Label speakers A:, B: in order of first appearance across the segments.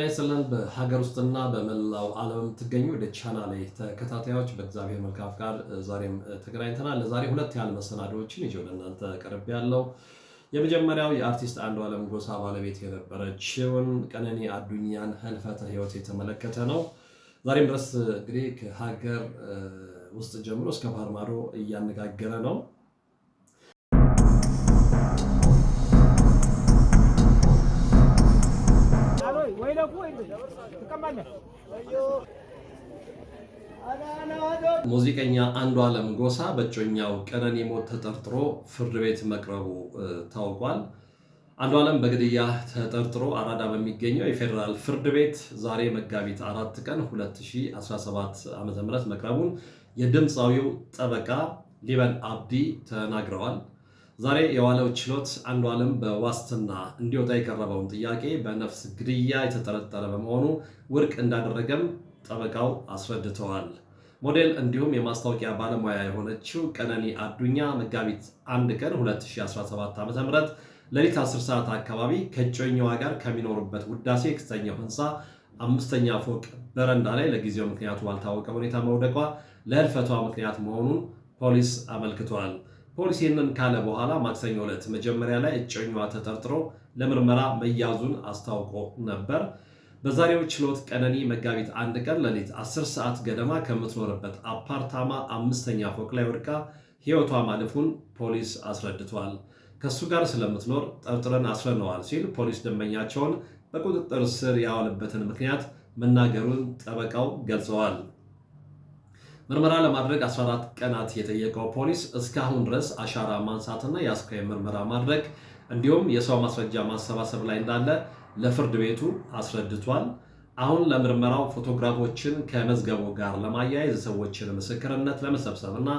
A: ጤና ይስጥልን። በሀገር ውስጥና በመላው ዓለም የምትገኙ ወደ ቻናሌ ተከታታዮች በእግዚአብሔር መልካም ፈቃድ ዛሬም ተገናኝተናል። ለዛሬ ሁለት ያህል መሰናዶዎችን ይዤ ለእናንተ ቀርብ ያለው የመጀመሪያው የአርቲስት አለም ጎሳ ባለቤት የነበረችውን ቀነኒ አዱኛን ህልፈተ ህይወት የተመለከተ ነው። ዛሬም ድረስ እንግዲህ ከሀገር ውስጥ ጀምሮ እስከ ባህር ማዶ እያነጋገረ ነው። ሙዚቀኛ አንዱ አለም ጎሳ በእጮኛው ቀነኒ ሞት ተጠርጥሮ ፍርድ ቤት መቅረቡ ታውቋል። አንዱ አለም በግድያ ተጠርጥሮ አራዳ በሚገኘው የፌዴራል ፍርድ ቤት ዛሬ መጋቢት አራት ቀን 2017 ዓ.ም መቅረቡን የድምፃዊው ጠበቃ ሊበን አብዲ ተናግረዋል። ዛሬ የዋለው ችሎት አንዱ አለም በዋስትና እንዲወጣ የቀረበውን ጥያቄ በነፍስ ግድያ የተጠረጠረ በመሆኑ ውድቅ እንዳደረገም ጠበቃው አስረድተዋል። ሞዴል እንዲሁም የማስታወቂያ ባለሙያ የሆነችው ቀነኒ አዱኛ መጋቢት 1 ቀን 2017 .ም ሌሊት 10 ሰዓት አካባቢ ከእጮኛዋ ጋር ከሚኖሩበት ውዳሴ ክስተኛው ህንፃ አምስተኛ ፎቅ በረንዳ ላይ ለጊዜው ምክንያቱ ባልታወቀ ሁኔታ መውደቋ ለህልፈቷ ምክንያት መሆኑን ፖሊስ አመልክቷል። ፖሊስ ይህንን ካለ በኋላ ማክሰኞ ዕለት መጀመሪያ ላይ እጮኛዋ ተጠርጥሮ ለምርመራ መያዙን አስታውቆ ነበር። በዛሬው ችሎት ቀነኒ መጋቢት አንድ ቀን ሌሊት 10 ሰዓት ገደማ ከምትኖርበት አፓርታማ አምስተኛ ፎቅ ላይ ወድቃ ሕይወቷ ማለፉን ፖሊስ አስረድቷል። ከእሱ ጋር ስለምትኖር ጠርጥረን አስረነዋል ሲል ፖሊስ ደንበኛቸውን በቁጥጥር ስር ያዋለበትን ምክንያት መናገሩን ጠበቃው ገልጸዋል። ምርመራ ለማድረግ 14 ቀናት የጠየቀው ፖሊስ እስካሁን ድረስ አሻራ ማንሳትና የአስክሬን ምርመራ ማድረግ እንዲሁም የሰው ማስረጃ ማሰባሰብ ላይ እንዳለ ለፍርድ ቤቱ አስረድቷል። አሁን ለምርመራው ፎቶግራፎችን ከመዝገቡ ጋር ለማያያዝ የሰዎችን ምስክርነት ለመሰብሰብ እና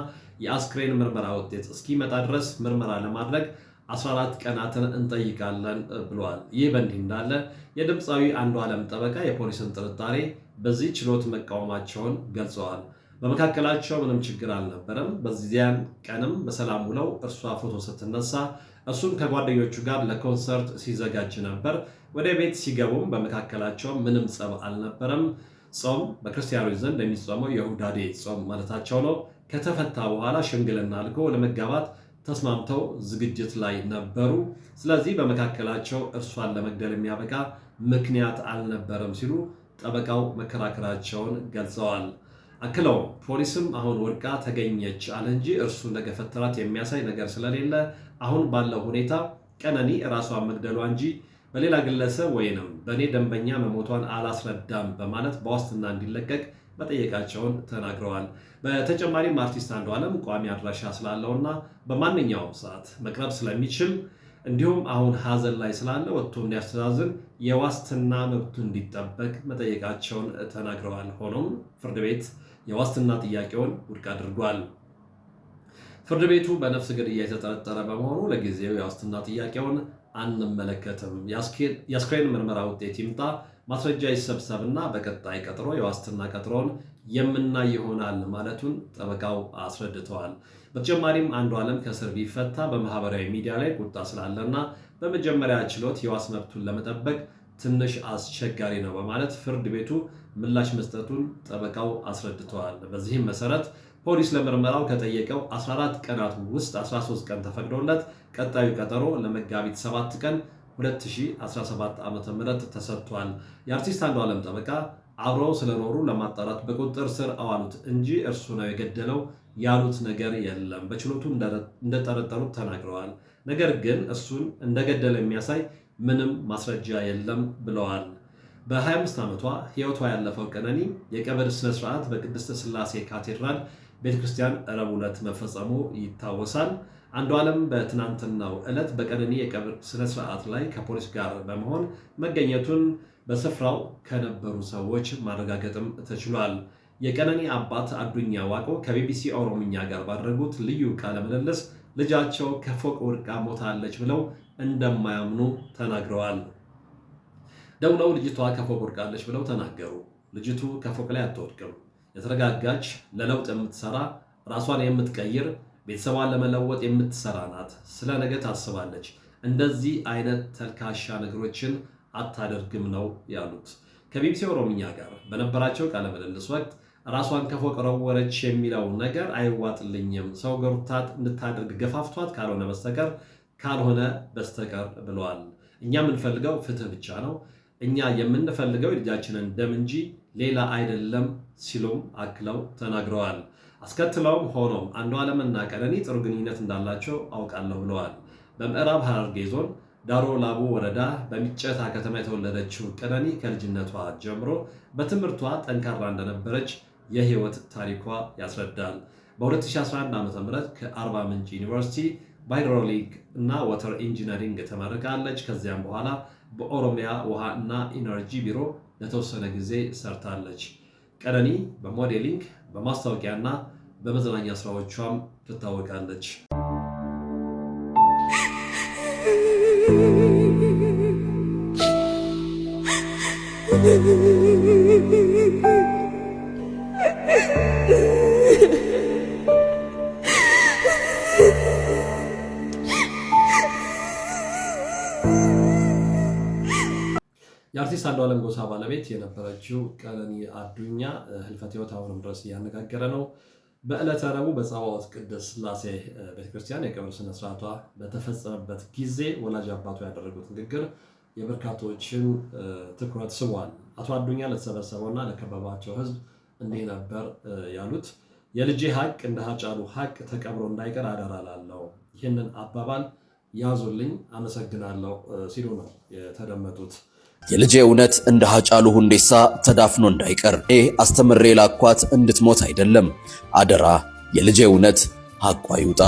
A: የአስክሬን ምርመራ ውጤት እስኪመጣ ድረስ ምርመራ ለማድረግ 14 ቀናትን እንጠይቃለን ብለዋል። ይህ በእንዲህ እንዳለ የድምፃዊ አንዱ ዓለም ጠበቃ የፖሊስን ጥርጣሬ በዚህ ችሎት መቃወማቸውን ገልጸዋል። በመካከላቸው ምንም ችግር አልነበረም። በዚያን ቀንም በሰላም ውለው እርሷ ፎቶ ስትነሳ እሱም ከጓደኞቹ ጋር ለኮንሰርት ሲዘጋጅ ነበር። ወደ ቤት ሲገቡም በመካከላቸው ምንም ጸብ አልነበረም። ጾም በክርስቲያኖች ዘንድ የሚጾመው የሁዳዴ ጾም ማለታቸው ነው። ከተፈታ በኋላ ሽምግልና አልኮ ለመጋባት ተስማምተው ዝግጅት ላይ ነበሩ። ስለዚህ በመካከላቸው እርሷን ለመግደል የሚያበቃ ምክንያት አልነበረም ሲሉ ጠበቃው መከራከራቸውን ገልጸዋል። አክለው ፖሊስም አሁን ወድቃ ተገኘች አለ እንጂ እርሱ እንደገፈተራት የሚያሳይ ነገር ስለሌለ አሁን ባለው ሁኔታ ቀነኒ ራሷ መግደሏ እንጂ በሌላ ግለሰብ ወይንም በእኔ ደንበኛ መሞቷን አላስረዳም በማለት በዋስትና እንዲለቀቅ መጠየቃቸውን ተናግረዋል። በተጨማሪም አርቲስት አንዷለም ቋሚ አድራሻ ስላለውና በማንኛውም ሰዓት መቅረብ ስለሚችል እንዲሁም አሁን ሀዘን ላይ ስላለ ወጥቶ እንዲያስተዛዝን የዋስትና መብቱ እንዲጠበቅ መጠየቃቸውን ተናግረዋል። ሆኖም ፍርድ ቤት የዋስትና ጥያቄውን ውድቅ አድርጓል። ፍርድ ቤቱ በነፍስ ግድያ የተጠረጠረ በመሆኑ ለጊዜው የዋስትና ጥያቄውን አንመለከትም፣ የአስክሬን ምርመራ ውጤት ይምጣ፣ ማስረጃ ይሰብሰብና በቀጣይ ቀጥሮ የዋስትና ቀጥሮን የምናይ ይሆናል ማለቱን ጠበቃው አስረድተዋል። በተጨማሪም አንዱ ዓለም ከእስር ቢፈታ በማህበራዊ ሚዲያ ላይ ቁጣ ስላለና በመጀመሪያ ችሎት የዋስ መብቱን ለመጠበቅ ትንሽ አስቸጋሪ ነው በማለት ፍርድ ቤቱ ምላሽ መስጠቱን ጠበቃው አስረድተዋል። በዚህም መሰረት ፖሊስ ለምርመራው ከጠየቀው 14 ቀናት ውስጥ 13 ቀን ተፈቅዶለት ቀጣዩ ቀጠሮ ለመጋቢት 7 ቀን 2017 ዓ.ም ተሰጥቷል። የአርቲስት ዓለም ጠበቃ አብረው ስለኖሩ ለማጣራት በቁጥጥር ስር አዋሉት እንጂ እርሱ ነው የገደለው ያሉት ነገር የለም። በችሎቱ እንደጠረጠሩት ተናግረዋል። ነገር ግን እሱን እንደገደለ የሚያሳይ ምንም ማስረጃ የለም ብለዋል። በ25 ዓመቷ ሕይወቷ ያለፈው ቀነኒ የቀብር ስርዓት በቅድስተ ስላሴ ካቴድራል ቤተክርስቲያን ረብ ረቡዕ ዕለት መፈጸሙ ይታወሳል። አንዱ ዓለም በትናንትናው ዕለት በቀነኒ የቀብር ስርዓት ላይ ከፖሊስ ጋር በመሆን መገኘቱን በስፍራው ከነበሩ ሰዎች ማረጋገጥም ተችሏል። የቀነኒ አባት አዱኛ ዋቆ ከቢቢሲ ኦሮምኛ ጋር ባደረጉት ልዩ ቃለ ምልልስ ልጃቸው ከፎቅ ወድቃ ሞታለች ብለው እንደማያምኑ ተናግረዋል። ደውለው ልጅቷ ከፎቅ ወድቃለች ብለው ተናገሩ። ልጅቱ ከፎቅ ላይ አትወድቅም። የተረጋጋች ለለውጥ የምትሰራ ራሷን የምትቀይር ቤተሰቧን ለመለወጥ የምትሰራ ናት። ስለ ነገ ታስባለች። እንደዚህ አይነት ተልካሻ ነገሮችን አታደርግም ነው ያሉት። ከቢቢሲ ኦሮምኛ ጋር በነበራቸው ቃለ ምልልስ ወቅት ራሷን ከፎቅ ረወረች የሚለው ነገር አይዋጥልኝም፣ ሰው ገርታት እንድታደርግ ገፋፍቷት ካልሆነ በስተቀር ካልሆነ በስተቀር ብለዋል። እኛ የምንፈልገው ፍትህ ብቻ ነው። እኛ የምንፈልገው የልጃችንን ደም እንጂ ሌላ አይደለም ሲሉም አክለው ተናግረዋል። አስከትለውም ሆኖም ዓለምና ቀነኒ ጥሩ ግንኙነት እንዳላቸው አውቃለሁ ብለዋል። በምዕራብ ሐረርጌ ዞን ዳሮ ላቡ ወረዳ በሚጨታ ከተማ የተወለደችው ቀነኒ ከልጅነቷ ጀምሮ በትምህርቷ ጠንካራ እንደነበረች የህይወት ታሪኳ ያስረዳል። በ2011 ዓ ም ከአርባ ምንጭ ዩኒቨርሲቲ በሃይድሮሊክ እና ወተር ኢንጂነሪንግ ተመርቃለች። ከዚያም በኋላ በኦሮሚያ ውሃ እና ኢነርጂ ቢሮ ለተወሰነ ጊዜ ሰርታለች። ቀነኒ በሞዴሊንግ በማስታወቂያ እና በመዝናኛ ስራዎቿም ትታወቃለች። የአርቲስት አንዱ አለም ጎሳ ባለቤት የነበረችው ቀነኒ አዱኛ ህልፈት ህይወት አሁንም ድረስ እያነጋገረ ነው። በዕለተ ረቡዕ በጸባዖት ቅድስት ስላሴ ቤተክርስቲያን የቀብር ስነስርዓቷ በተፈጸመበት ጊዜ ወላጅ አባቷ ያደረጉት ንግግር የበርካቶችን ትኩረት ስቧል። አቶ አዱኛ ለተሰበሰበውና ለከበባቸው ህዝብ እንዲህ ነበር ያሉት። የልጄ ሀቅ እንደ ሀጫሉ ሀቅ ተቀብሮ እንዳይቀር አደራላለው። ይህንን አባባል ያዙልኝ፣ አመሰግናለሁ ሲሉ ነው የተደመጡት። የልጄ እውነት እንደ ሀጫሉ ሁንዴሳ ተዳፍኖ እንዳይቀር ኤ አስተምሬ ላኳት እንድትሞት አይደለም። አደራ የልጄ እውነት ሀቋ ይውጣ።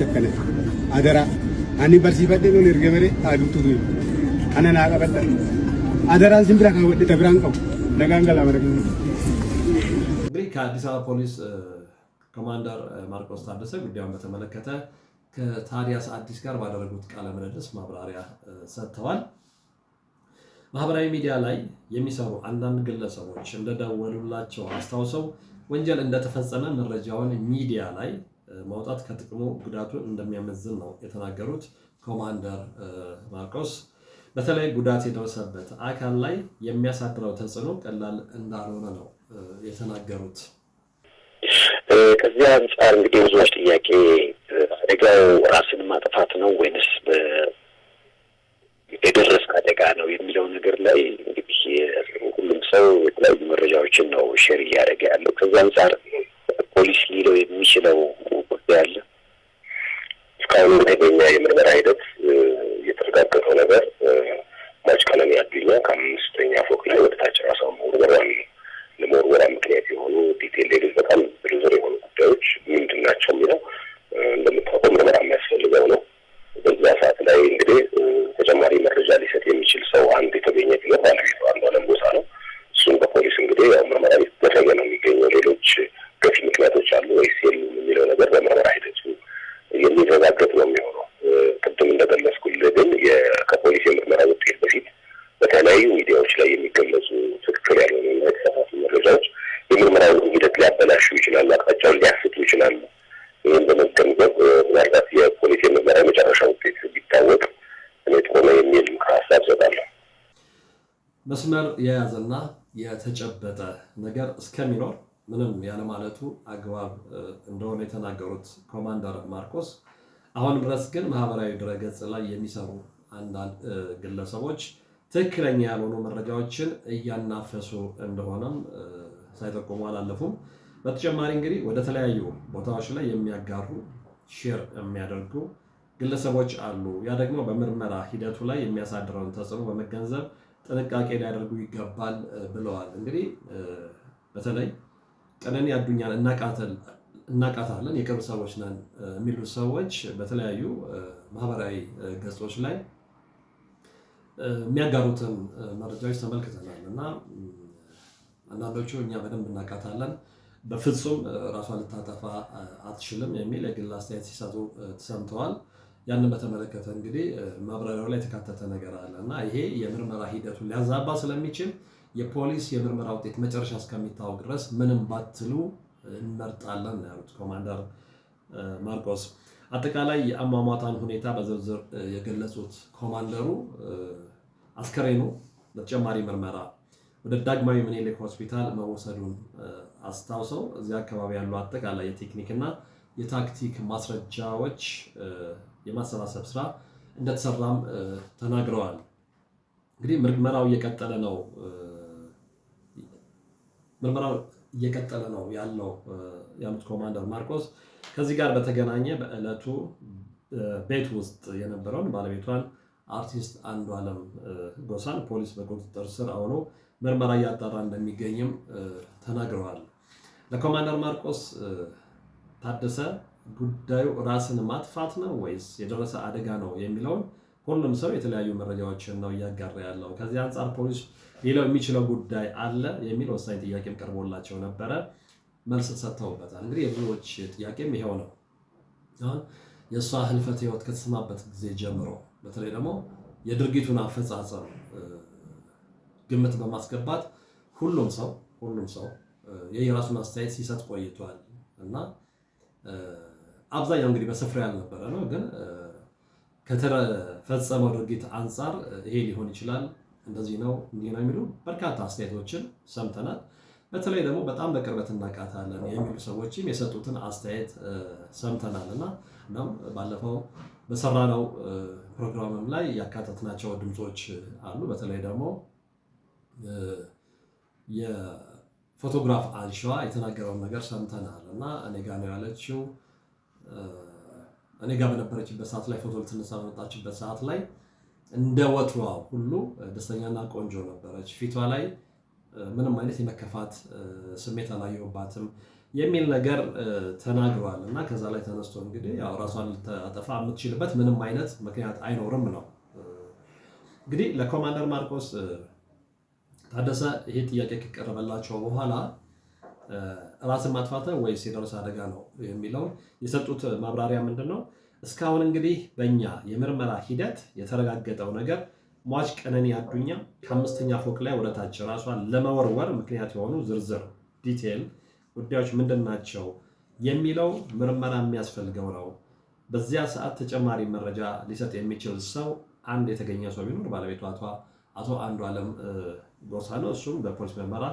B: ተከለ አደራ አኒ በርሲ በደ ነው ለርገበሬ አዱቱ ነው አነና አቀበለ አደራ ዝምብራ ካወደ ተብራን ቀው ነጋንገላ ማለት ነው።
A: እንግዲህ ከአዲስ አበባ ፖሊስ ኮማንደር ማርቆስ ታደሰ ጉዳዩን በተመለከተ ከታዲያስ አዲስ ጋር ባደረጉት ቃለ ምልልስ ማብራሪያ ሰጥተዋል። ማህበራዊ ሚዲያ ላይ የሚሰሩ አንዳንድ ግለሰቦች እንደደወሉላቸው አስታውሰው ወንጀል እንደተፈጸመ መረጃውን ሚዲያ ላይ ማውጣት ከጥቅሙ ጉዳቱን እንደሚያመዝን ነው የተናገሩት። ኮማንደር ማርቆስ በተለይ ጉዳት የደረሰበት አካል ላይ የሚያሳድረው ተጽዕኖ ቀላል እንዳልሆነ ነው የተናገሩት።
C: ከዚህ አንጻር እንግዲህ ብዙዎች ጥያቄ እዛው ራስን ማጥፋት ነው ወይንስ የደረሰ አደጋ ነው የሚለው ነገር ላይ እንግዲህ ሁሉም ሰው የተለያዩ መረጃዎችን ነው ሼር እያደረገ ያለው። ከዚ አንጻር ፖሊስ ሊለው የሚችለው ጉዳይ አለ። እስካሁን እንግዲህ በኛ የምርመራ ሂደት የተረጋገጠው ነገር ማጭ ቀለም ያገኛ ከአምስተኛ ፎቅ ላይ ወደ ታች ራሷ መወርወሯን ለመወርወራ ምክንያት የሆኑ ዲቴል
A: የተጨበጠ ነገር እስከሚኖር ምንም ያለማለቱ አግባብ እንደሆነ የተናገሩት ኮማንደር ማርኮስ አሁን ድረስ ግን ማህበራዊ ድረገጽ ላይ የሚሰሩ አንዳንድ ግለሰቦች ትክክለኛ ያልሆኑ መረጃዎችን እያናፈሱ እንደሆነም ሳይጠቁሙ አላለፉም። በተጨማሪ እንግዲህ ወደ ተለያዩ ቦታዎች ላይ የሚያጋሩ ሼር የሚያደርጉ ግለሰቦች አሉ። ያ ደግሞ በምርመራ ሂደቱ ላይ የሚያሳድረውን ተጽዕኖ በመገንዘብ ጥንቃቄ ሊያደርጉ ይገባል ብለዋል። እንግዲህ በተለይ ቀነኒ አዱኛን እናቃታለን የቅርብ ሰዎች ነን የሚሉ ሰዎች በተለያዩ ማህበራዊ ገጾች ላይ የሚያጋሩትን መረጃዎች ተመልክተናል እና አንዳንዶቹ እኛ በደንብ እናቃታለን፣ በፍጹም ራሷን ልታጠፋ አትችልም የሚል የግል አስተያየት ሲሰጡ ተሰምተዋል። ያንን በተመለከተ እንግዲህ ማብራሪያው ላይ የተካተተ ነገር አለ እና ይሄ የምርመራ ሂደቱን ሊያዛባ ስለሚችል የፖሊስ የምርመራ ውጤት መጨረሻ እስከሚታወቅ ድረስ ምንም ባትሉ እንመርጣለን ያሉት ኮማንደር ማርቆስ። አጠቃላይ የአሟሟታን ሁኔታ በዝርዝር የገለጹት ኮማንደሩ አስከሬኑ በተጨማሪ ምርመራ ወደ ዳግማዊ ምኒልክ ሆስፒታል መወሰዱን አስታውሰው እዚያ አካባቢ ያሉ አጠቃላይ የቴክኒክ እና የታክቲክ ማስረጃዎች የማሰባሰብ ስራ እንደተሰራም ተናግረዋል። እንግዲህ ምርመራው እየቀጠለ ነው ምርመራው እየቀጠለ ነው ያለው ያሉት ኮማንደር ማርቆስ ከዚህ ጋር በተገናኘ በዕለቱ ቤት ውስጥ የነበረውን ባለቤቷን አርቲስት አንዷለም ጎሳን ፖሊስ በቁጥጥር ስር አውሎ ምርመራ እያጣራ እንደሚገኝም ተናግረዋል። ለኮማንደር ማርቆስ ታደሰ ጉዳዩ ራስን ማጥፋት ነው ወይስ የደረሰ አደጋ ነው የሚለውን ሁሉም ሰው የተለያዩ መረጃዎችን ነው እያጋራ ያለው። ከዚህ አንጻር ፖሊስ ሌላው የሚችለው ጉዳይ አለ የሚል ወሳኝ ጥያቄም ቀርቦላቸው ነበረ፣ መልስ ሰጥተውበታል። እንግዲህ የብዙዎች ጥያቄም ይሄው ነው። የእሷ ህልፈት ህይወት ከተሰማበት ጊዜ ጀምሮ በተለይ ደግሞ የድርጊቱን አፈጻጸም ግምት በማስገባት ሁሉም ሰው ሁሉም ሰው የራሱን አስተያየት ሲሰጥ ቆይቷል እና አብዛኛው እንግዲህ በስፍራ ያልነበረ ነው፣ ግን ከተፈጸመው ድርጊት አንጻር ይሄ ሊሆን ይችላል፣ እንደዚህ ነው እንዲህ ነው የሚሉ በርካታ አስተያየቶችን ሰምተናል። በተለይ ደግሞ በጣም በቅርበት እናቃታለን የሚሉ ሰዎችም የሰጡትን አስተያየት ሰምተናል እና እናም ባለፈው በሰራነው ፕሮግራምም ላይ ያካተትናቸው ድምፆች አሉ። በተለይ ደግሞ የፎቶግራፍ አንሺዋ የተናገረውን ነገር ሰምተናል እና እኔ ጋ ነው ያለችው እኔ ጋር በነበረችበት ሰዓት ላይ ፎቶ ልትነሳ በመጣችበት ሰዓት ላይ እንደ ወትሯ ሁሉ ደስተኛና ቆንጆ ነበረች። ፊቷ ላይ ምንም አይነት የመከፋት ስሜት አላየሁባትም የሚል ነገር ተናግሯል። እና ከዛ ላይ ተነስቶ እንግዲህ ያው ራሷን ልታጠፋ የምትችልበት ምንም አይነት ምክንያት አይኖርም ነው እንግዲህ ለኮማንደር ማርቆስ ታደሰ ይሄ ጥያቄ ከቀረበላቸው በኋላ ራስን ማጥፋት ወይስ የደረሰ አደጋ ነው የሚለውን የሰጡት ማብራሪያ ምንድን ነው? እስካሁን እንግዲህ በእኛ የምርመራ ሂደት የተረጋገጠው ነገር ሟች ቀነኒ አዱኛ ከአምስተኛ ፎቅ ላይ ወደታች ራሷን ለመወርወር ምክንያት የሆኑ ዝርዝር ዲቴል ጉዳዮች ምንድን ናቸው የሚለው ምርመራ የሚያስፈልገው ነው። በዚያ ሰዓት ተጨማሪ መረጃ ሊሰጥ የሚችል ሰው አንድ የተገኘ ሰው ቢኖር ባለቤቷ አቶ አንዱ አለም ጎሳ ነው። እሱም በፖሊስ ምርመራ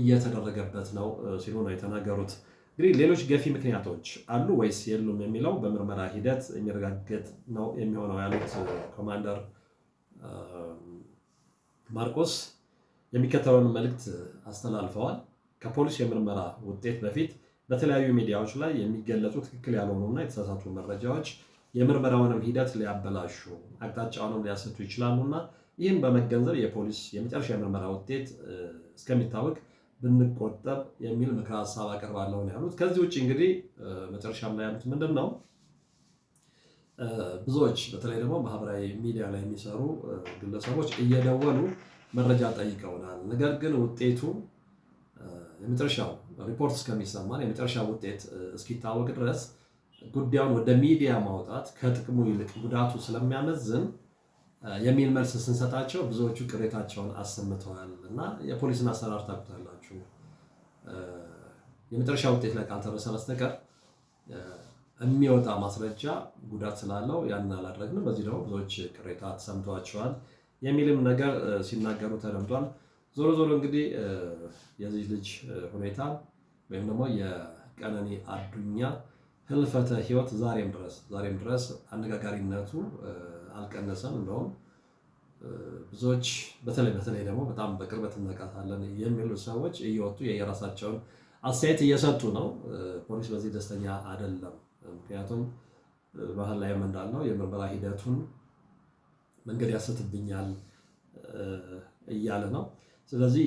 A: እየተደረገበት ነው ሲሉ ነው የተናገሩት። እንግዲህ ሌሎች ገፊ ምክንያቶች አሉ ወይስ የሉም የሚለው በምርመራ ሂደት የሚረጋገጥ ነው የሚሆነው ያሉት ኮማንደር ማርቆስ የሚከተለውን መልእክት አስተላልፈዋል። ከፖሊስ የምርመራ ውጤት በፊት በተለያዩ ሚዲያዎች ላይ የሚገለጹ ትክክል ያልሆኑና የተሳሳቱ መረጃዎች የምርመራውንም ሂደት ሊያበላሹ አቅጣጫውንም ሊያሰቱ ይችላሉና ይህም በመገንዘብ የፖሊስ የመጨረሻ የምርመራ ውጤት እስከሚታወቅ ብንቆጠብ የሚል ምክር ሀሳብ አቀርባለሁ ያሉት። ከዚህ ውጭ እንግዲህ መጨረሻም ላይ ያሉት ምንድን ነው? ብዙዎች በተለይ ደግሞ ማህበራዊ ሚዲያ ላይ የሚሰሩ ግለሰቦች እየደወሉ መረጃ ጠይቀውናል። ነገር ግን ውጤቱ የመጨረሻው ሪፖርት እስከሚሰማን የመጨረሻ ውጤት እስኪታወቅ ድረስ ጉዳዩን ወደ ሚዲያ ማውጣት ከጥቅሙ ይልቅ ጉዳቱ ስለሚያመዝን የሚል መልስ ስንሰጣቸው ብዙዎቹ ቅሬታቸውን አሰምተዋል እና የፖሊስን አሰራር ታውቁታላችሁ፣ የመጨረሻ ውጤት ላይ ካልደረሰ በስተቀር የሚወጣ ማስረጃ ጉዳት ስላለው ያንን አላደረግንም፣ በዚህ ደግሞ ብዙዎች ቅሬታ ተሰምተዋቸዋል የሚልም ነገር ሲናገሩ ተደምጧል። ዞሮ ዞሮ እንግዲህ የዚህ ልጅ ሁኔታ ወይም ደግሞ የቀነኒ አዱኛ ህልፈተ ህይወት ዛሬም ድረስ ዛሬም ድረስ አነጋጋሪነቱ አልቀነሰም። እንደውም ብዙዎች በተለይ በተለይ ደግሞ በጣም በቅርበት እንመለከታለን የሚሉ ሰዎች እየወጡ የየራሳቸውን አስተያየት እየሰጡ ነው። ፖሊስ በዚህ ደስተኛ አይደለም። ምክንያቱም ባህል ላይም እንዳልነው የምርመራ ሂደቱን መንገድ ያሰትብኛል እያለ ነው። ስለዚህ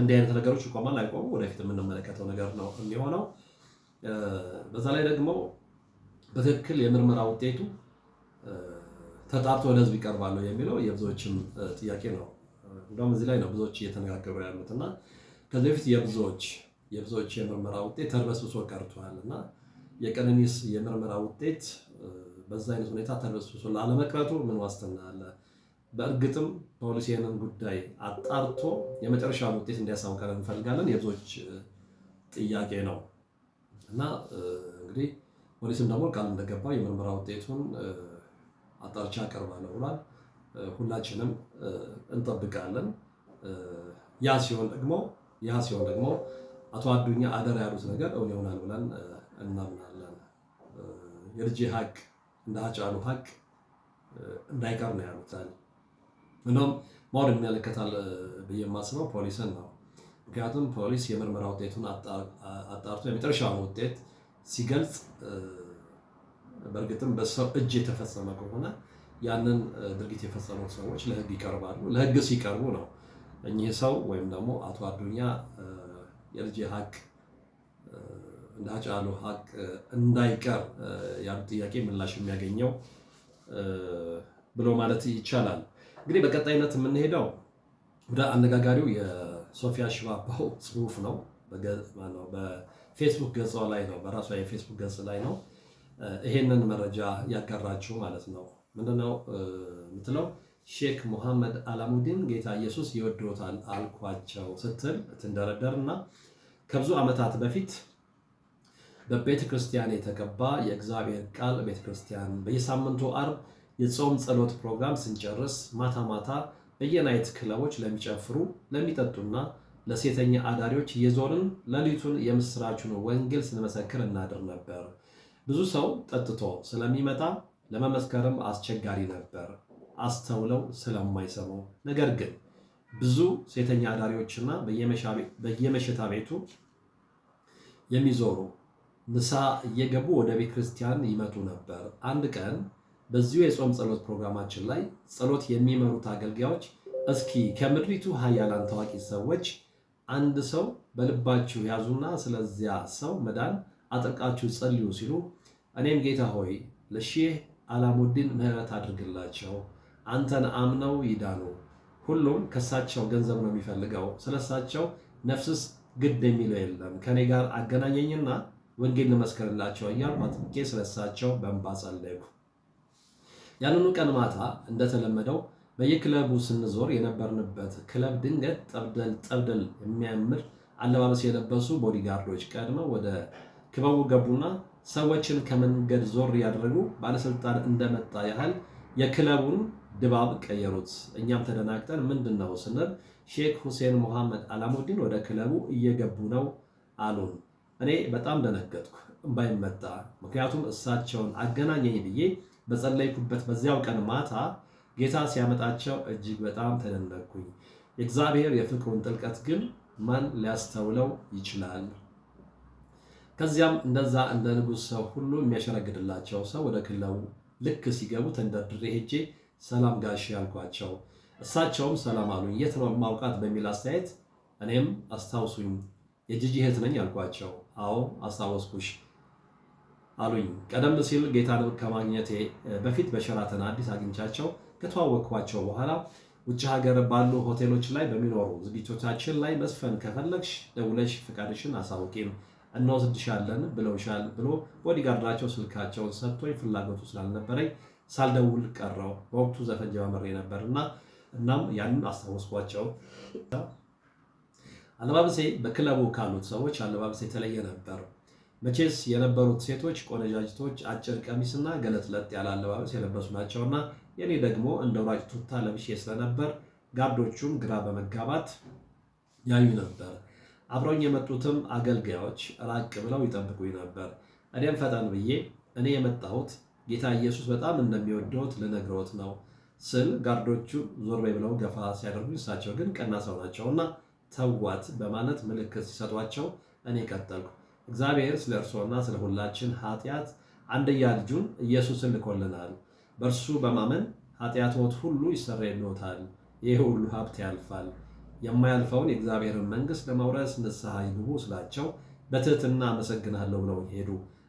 A: እንዲህ አይነት ነገሮች ይቆማል አይቆሙ ወደፊት የምንመለከተው ነገር ነው የሚሆነው። በዛ ላይ ደግሞ በትክክል የምርመራ ውጤቱ ተጣርቶ ለህዝብ ይቀርባሉ የሚለው የብዙዎችም ጥያቄ ነው። እንደውም እዚህ ላይ ነው ብዙዎች እየተነጋገሩ ያሉት እና ከዚህ በፊት የብዙዎች የብዙዎች የምርመራ ውጤት ተርበስብሶ ቀርቷል እና የቀነኒስ የምርመራ ውጤት በዛ አይነት ሁኔታ ተርበስብሶ ላለመቅረቱ ምን ዋስትና አለ? በእርግጥም ፖሊስ ይህንን ጉዳይ አጣርቶ የመጨረሻውን ውጤት እንዲያሳውቀን እንፈልጋለን። የብዙዎች ጥያቄ ነው እና እንግዲህ ፖሊስም ደግሞ ቃል እንደገባው የምርመራ ውጤቱን አጣርቻ አቀርባለሁ ብሏል። ሁላችንም እንጠብቃለን። ያ ሲሆን ደግሞ ያ ሲሆን ደግሞ አቶ አዱኛ አደር ያሉት ነገር እውን ይሆናል ብለን እናምናለን። የልጄ ሀቅ እንደ ሀጫሉ ሀቅ እንዳይቀር ነው ያሉታል። እንደውም ማወድ የሚመለከታል ብዬ የማስበው ፖሊስን ነው። ምክንያቱም ፖሊስ የምርመራ ውጤቱን አጣርቶ የመጨረሻውን ውጤት ሲገልጽ በእርግጥም በሰው እጅ የተፈጸመ ከሆነ ያንን ድርጊት የፈጸሙት ሰዎች ለህግ ይቀርባሉ። ለህግ ሲቀርቡ ነው እኚህ ሰው ወይም ደግሞ አቶ አዱኛ የልጅ ሀቅ እንደ አጫሉ ሀቅ እንዳይቀር ያሉት ጥያቄ ምላሽ የሚያገኘው ብሎ ማለት ይቻላል። እንግዲህ በቀጣይነት የምንሄደው ወደ አነጋጋሪው የሶፊያ ሽባባው ጽሁፍ ነው። በፌስቡክ ገጿ ላይ ነው፣ በራሷ የፌስቡክ ገጽ ላይ ነው ይሄንን መረጃ ያጋራችሁ ማለት ነው። ምንድነው የምትለው? ሼክ ሙሐመድ አላሙዲን ጌታ ኢየሱስ ይወድዎታል አልኳቸው ስትል ትንደረደርና ከብዙ ዓመታት በፊት በቤተ ክርስቲያን የተገባ የእግዚአብሔር ቃል ቤተ ክርስቲያን በየሳምንቱ አርብ የጾም ጸሎት ፕሮግራም ስንጨርስ ማታ ማታ በየናይት ክለቦች ለሚጨፍሩ ለሚጠጡና ለሴተኛ አዳሪዎች እየዞርን ሌሊቱን የምስራቹን ወንጌል ስንመሰክር እናድር ነበር። ብዙ ሰው ጠጥቶ ስለሚመጣ ለመመስከርም አስቸጋሪ ነበር፣ አስተውለው ስለማይሰሙ። ነገር ግን ብዙ ሴተኛ አዳሪዎችና በየመሸታ ቤቱ የሚዞሩ ምሳ እየገቡ ወደ ቤተ ክርስቲያን ይመጡ ነበር። አንድ ቀን በዚሁ የጾም ጸሎት ፕሮግራማችን ላይ ጸሎት የሚመሩት አገልጋዮች እስኪ ከምድሪቱ ኃያላን ታዋቂ ሰዎች አንድ ሰው በልባችሁ ያዙና ስለዚያ ሰው መዳን አጥብቃችሁ ጸልዩ ሲሉ እኔም ጌታ ሆይ ለሼህ አላሙዲን ምህረት አድርግላቸው፣ አንተን አምነው ይዳኑ። ሁሉም ከሳቸው ገንዘብ ነው የሚፈልገው፣ ስለሳቸው ነፍስስ ግድ የሚለው የለም። ከኔ ጋር አገናኘኝና ወንጌል ልመስክርላቸው እያል ማጥቄ ስለሳቸው በእንባ ጸለይኩ። ያንኑ ቀን ማታ እንደተለመደው በየክለቡ ስንዞር የነበርንበት ክለብ ድንገት ጠብደል ጠብደል የሚያምር አለባበስ የለበሱ ቦዲጋርዶች ቀድመው ወደ ክበቡ ገቡና ሰዎችን ከመንገድ ዞር ያደረጉ ባለስልጣን እንደመጣ ያህል የክለቡን ድባብ ቀየሩት። እኛም ተደናግጠን ምንድን ነው ስንል ሼክ ሁሴን ሙሐመድ አላሙዲን ወደ ክለቡ እየገቡ ነው አሉን። እኔ በጣም ደነገጥኩ፣ እምባይም ምክንያቱም እሳቸውን አገናኘኝ ብዬ በጸለይኩበት በዚያው ቀን ማታ ጌታ ሲያመጣቸው እጅግ በጣም ተደነኩኝ የእግዚአብሔር የፍቅሩን ጥልቀት ግን ማን ሊያስተውለው ይችላል? ከዚያም እንደዛ እንደ ንጉሥ ሰው ሁሉ የሚያሸረግድላቸው ሰው ወደ ክለቡ ልክ ሲገቡ ተንደርድሬ ሄጄ ሰላም ጋሽ ያልኳቸው፣ እሳቸውም ሰላም አሉኝ። የት ነው ማውቃት በሚል አስተያየት እኔም አስታውሱኝ የጂጂ እህት ነኝ አልኳቸው። አዎ አስታወስኩሽ አሉኝ። ቀደም ሲል ጌታን ከማግኘቴ በፊት በሸራተን አዲስ አግኝቻቸው ከተዋወቅኳቸው በኋላ ውጭ ሀገር ባሉ ሆቴሎች ላይ በሚኖሩ ዝግጅቶቻችን ላይ መስፈን ከፈለግሽ ደውለሽ ፍቃድሽን አሳውቂም እንወስድሻለን ብለውሻል ብሎ ቦዲጋርዳቸው ስልካቸውን ሰጥቶኝ ፍላጎቱ ስላልነበረኝ ሳልደውል ቀረው። በወቅቱ ዘፈን ጀማምሬ ነበር እና እናም ያንን አስታወስኳቸው። አለባበሴ በክለቡ ካሉት ሰዎች አለባበሴ የተለየ ነበር። መቼስ የነበሩት ሴቶች ቆነጃጅቶች አጭር ቀሚስና ገለጥለጥ ያለ አለባበስ የለበሱ ናቸውና የኔ ደግሞ እንደ ሯጭ ቱታ ለብሼ ስለነበር ጋርዶቹም ግራ በመጋባት ያዩ ነበር። አብረውኝ የመጡትም አገልጋዮች ራቅ ብለው ይጠብቁኝ ነበር። እኔም ፈጠን ብዬ እኔ የመጣሁት ጌታ ኢየሱስ በጣም እንደሚወደውት ልነግረውት ነው ስል ጋርዶቹ ዞር በይ ብለው ገፋ ሲያደርጉኝ፣ እሳቸው ግን ቀና ሰው ናቸውና ተዋት በማለት ምልክት ሲሰጧቸው እኔ ቀጠልኩ። እግዚአብሔር ስለ እርሶና ስለ ሁላችን ኃጢአት አንድያ ልጁን ኢየሱስን ልኮልናል። በእርሱ በማመን ኃጢአት ሞት ሁሉ ይሰረይልዎታል። ይህ ሁሉ ሀብት ያልፋል። የማያልፈውን የእግዚአብሔርን መንግስት ለመውረስ ንስሐ ይግቡ ስላቸው በትህትና አመሰግናለሁ ብለው ሄዱ።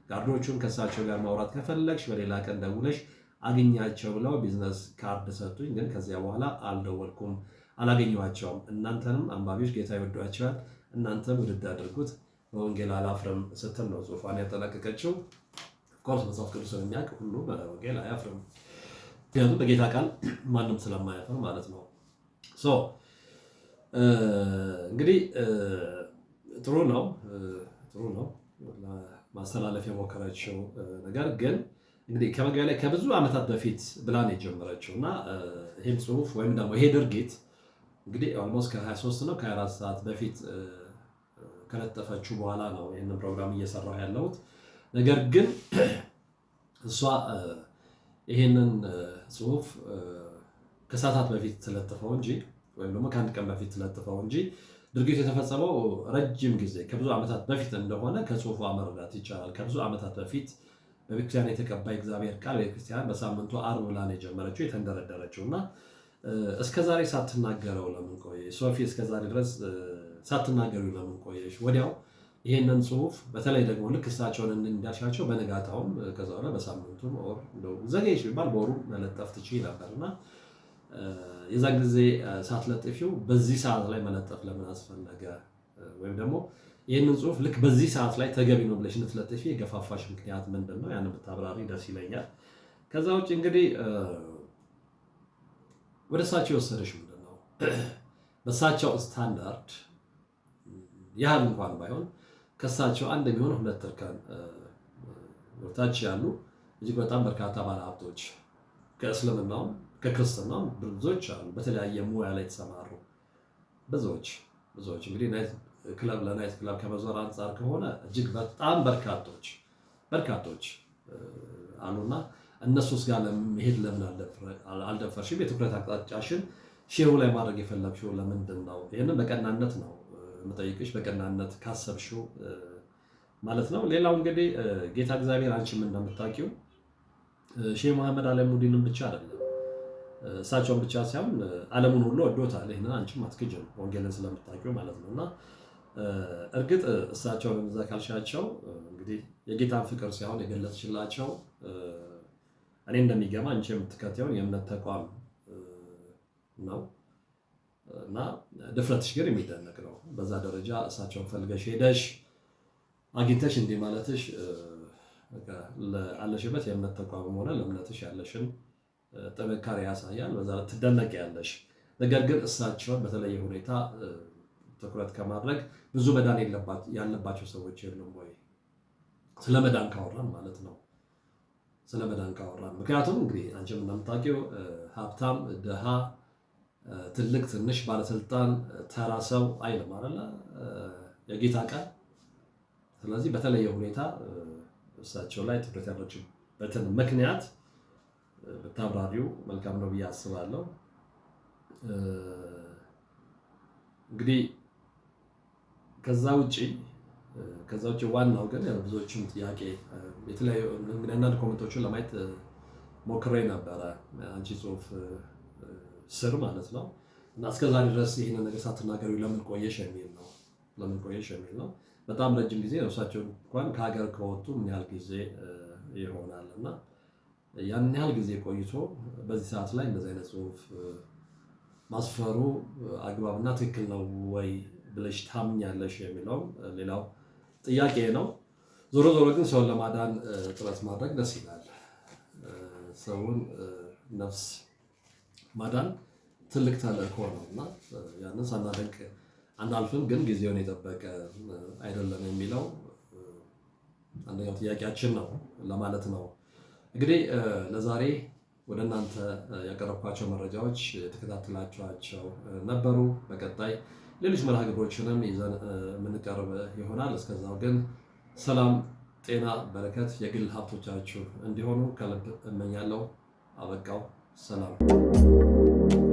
A: ጋርዶቹን ከእሳቸው ጋር ማውራት ከፈለግሽ በሌላ ቀን ደውለሽ አግኛቸው ብለው ቢዝነስ ካርድ ሰጡኝ። ግን ከዚያ በኋላ አልደወልኩም፣ አላገኘኋቸውም። እናንተንም አንባቢዎች ጌታ ይወዷቸዋል፣ እናንተም ውድድ አድርጉት፣ በወንጌል አላፍርም ስትል ነው ጽሑፏን ያጠናቀቀችው። ኮርስ መጽሐፍ ቅዱስን የሚያውቅ ሁሉ በወንጌል አያፍርም፣ ምክንያቱም በጌታ ቃል ማንም ስለማያፍር ማለት ነው። እንግዲህ ጥሩ ነው ጥሩ ነው ማስተላለፍ የሞከረችው ነገር ግን እንግዲህ ከመግቢያ ላይ ከብዙ ዓመታት በፊት ብላን የጀመረችው እና ይህም ጽሁፍ ወይም ደግሞ ይሄ ድርጊት እንግዲህ ኦልሞስት ከ23 ነው ከ24 ሰዓት በፊት ከለጠፈችው በኋላ ነው ይህንን ፕሮግራም እየሰራሁ ያለሁት። ነገር ግን እሷ ይህንን ጽሁፍ ከሰዓታት በፊት ትለጥፈው እንጂ ወይም ደግሞ ከአንድ ቀን በፊት ለጥፈው እንጂ ድርጊቱ የተፈጸመው ረጅም ጊዜ ከብዙ ዓመታት በፊት እንደሆነ ከጽሁፏ መረዳት ይቻላል። ከብዙ ዓመታት በፊት በቤተክርስቲያን የተቀባ እግዚአብሔር ቃል ቤተክርስቲያን በሳምንቱ አርብ ብላን የጀመረችው የተንደረደረችው እና እስከዛሬ ሳትናገረው ለምን ቆየሽ ሶፊ? እስከዛሬ ድረስ ሳትናገሩ ለምን ቆየሽ? ወዲያው ይህንን ጽሁፍ በተለይ ደግሞ ልክ እሳቸውን እንዳሻቸው በነጋታውም ከዛ በሳምንቱም ዘገየሽ ቢባል በወሩ መለጠፍ ትችይ ነበር እና የዛ ጊዜ ሳትለጥፊው በዚህ ሰዓት ላይ መለጠፍ ለምን አስፈለገ? ወይም ደግሞ ይህንን ጽሁፍ ልክ በዚህ ሰዓት ላይ ተገቢ ነው ብለሽ እንድትለጥፊ የገፋፋሽ ምክንያት ምንድን ነው? ያን ብታብራሪ ደስ ይለኛል። ከዛ ውጭ እንግዲህ ወደ እሳቸው የወሰደሽ ምንድን ነው? በእሳቸው ስታንዳርድ ያህል እንኳን ባይሆን ከእሳቸው አንድ የሚሆን ሁለት እርከን ወታች ያሉ እጅግ በጣም በርካታ ባለሀብቶች ከእስልምናውም ከክርስትናም ብዙዎች አሉ፣ በተለያየ ሙያ ላይ የተሰማሩ ብዙዎች ብዙዎች እንግዲህ ናይት ክለብ ለናይት ክለብ ከመዞር አንጻር ከሆነ እጅግ በጣም በርካቶች በርካቶች አሉና እነሱስ ጋር ለመሄድ ለምን አልደፈርሽም? የትኩረት አቅጣጫሽን ሼሁ ላይ ማድረግ የፈለግሽው ለምንድን ነው? ይህንን በቀናነት ነው የምጠይቅሽ፣ በቀናነት ካሰብሽው ማለት ነው። ሌላው እንግዲህ ጌታ እግዚአብሔር አንቺም እንደምታውቂው ሼህ መሐመድ አለሙዲንም ብቻ አይደለም እሳቸውን ብቻ ሳይሆን ዓለሙን ሁሉ ወዶታል። ይህንን አንቺም አትክጅም ወንጌልን ስለምታውቂው ማለት ነው። እና እርግጥ እሳቸውን እዛ ካልሻቸው እንግዲህ የጌታን ፍቅር ሳይሆን የገለጽሽላቸው እኔ እንደሚገባ አንቺ የምትከትየውን የእምነት ተቋም ነው እና ድፍረትሽ ግን የሚደነቅ ነው። በዛ ደረጃ እሳቸውን ፈልገሽ ሄደሽ አግኝተሽ እንዲህ ማለትሽ አለሽበት የእምነት ተቋምም ሆነ ለእምነትሽ ያለሽን ጥንካሬ ያሳያል። በዛ ትደነቅ ያለሽ ነገር ግን እሳቸውን በተለየ ሁኔታ ትኩረት ከማድረግ ብዙ መዳን ያለባቸው ሰዎች የሉም ወይ? ስለ መዳን ካወራን ማለት ነው። ስለ መዳን ካወራን ምክንያቱም እንግዲህ አንቺም እንደምታውቂው ሀብታም፣ ድሃ፣ ትልቅ፣ ትንሽ፣ ባለስልጣን፣ ተራ ሰው አይልም አለ የጌታ ቀን። ስለዚህ በተለየ ሁኔታ እሳቸው ላይ ትኩረት ያደረግችበትን ምክንያት ብታብራሪው መልካም ነው ብዬ አስባለሁ። እንግዲህ ከዛ ውጭ ከዛ ውጭ ዋናው ግን ብዙዎችም ጥያቄ የተለያዩ አንዳንድ ኮመንቶችን ለማየት ሞክሬ ነበረ አንቺ ጽሁፍ ስር ማለት ነው እና እስከዛ ድረስ ይህንን ነገር ሳትናገሩ ለምን ቆየሽ የሚል ነው። ለምን ቆየሽ የሚል ነው። በጣም ረጅም ጊዜ እርሳቸው እንኳን ከሀገር ከወጡ ምን ያህል ጊዜ ይሆናል እና ያን ያህል ጊዜ ቆይቶ በዚህ ሰዓት ላይ እንደዚህ አይነት ጽሁፍ ማስፈሩ አግባብና ትክክል ነው ወይ ብለሽ ታምኛለሽ የሚለው ሌላው ጥያቄ ነው። ዞሮ ዞሮ ግን ሰውን ለማዳን ጥረት ማድረግ ደስ ይላል። ሰውን ነፍስ ማዳን ትልቅ ተልእኮ ነው እና ያንን ሳናደንቅ አናልፍም። ግን ጊዜውን የጠበቀ አይደለም የሚለው አንደኛው ጥያቄያችን ነው ለማለት ነው። እንግዲህ ለዛሬ ወደ እናንተ ያቀረብኳቸው መረጃዎች የተከታተላችኋቸው ነበሩ። በቀጣይ ሌሎች መርሃ ግብሮችንም ይዘን የምንቀርብ ይሆናል። እስከዛው ግን ሰላም፣ ጤና፣ በረከት የግል ሀብቶቻችሁ እንዲሆኑ ከልብ እመኛለሁ። አበቃው። ሰላም